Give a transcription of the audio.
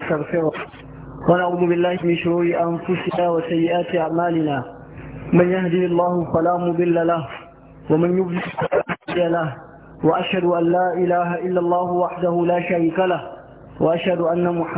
نستغفره ونعوذ بالله من شرور أنفسنا وسيئات أعمالنا من يهدي الله فلا مضل له ومن يضلل فلا هادي له وأشهد أن لا إله إلا الله وحده لا شريك له وأشهد أن محمد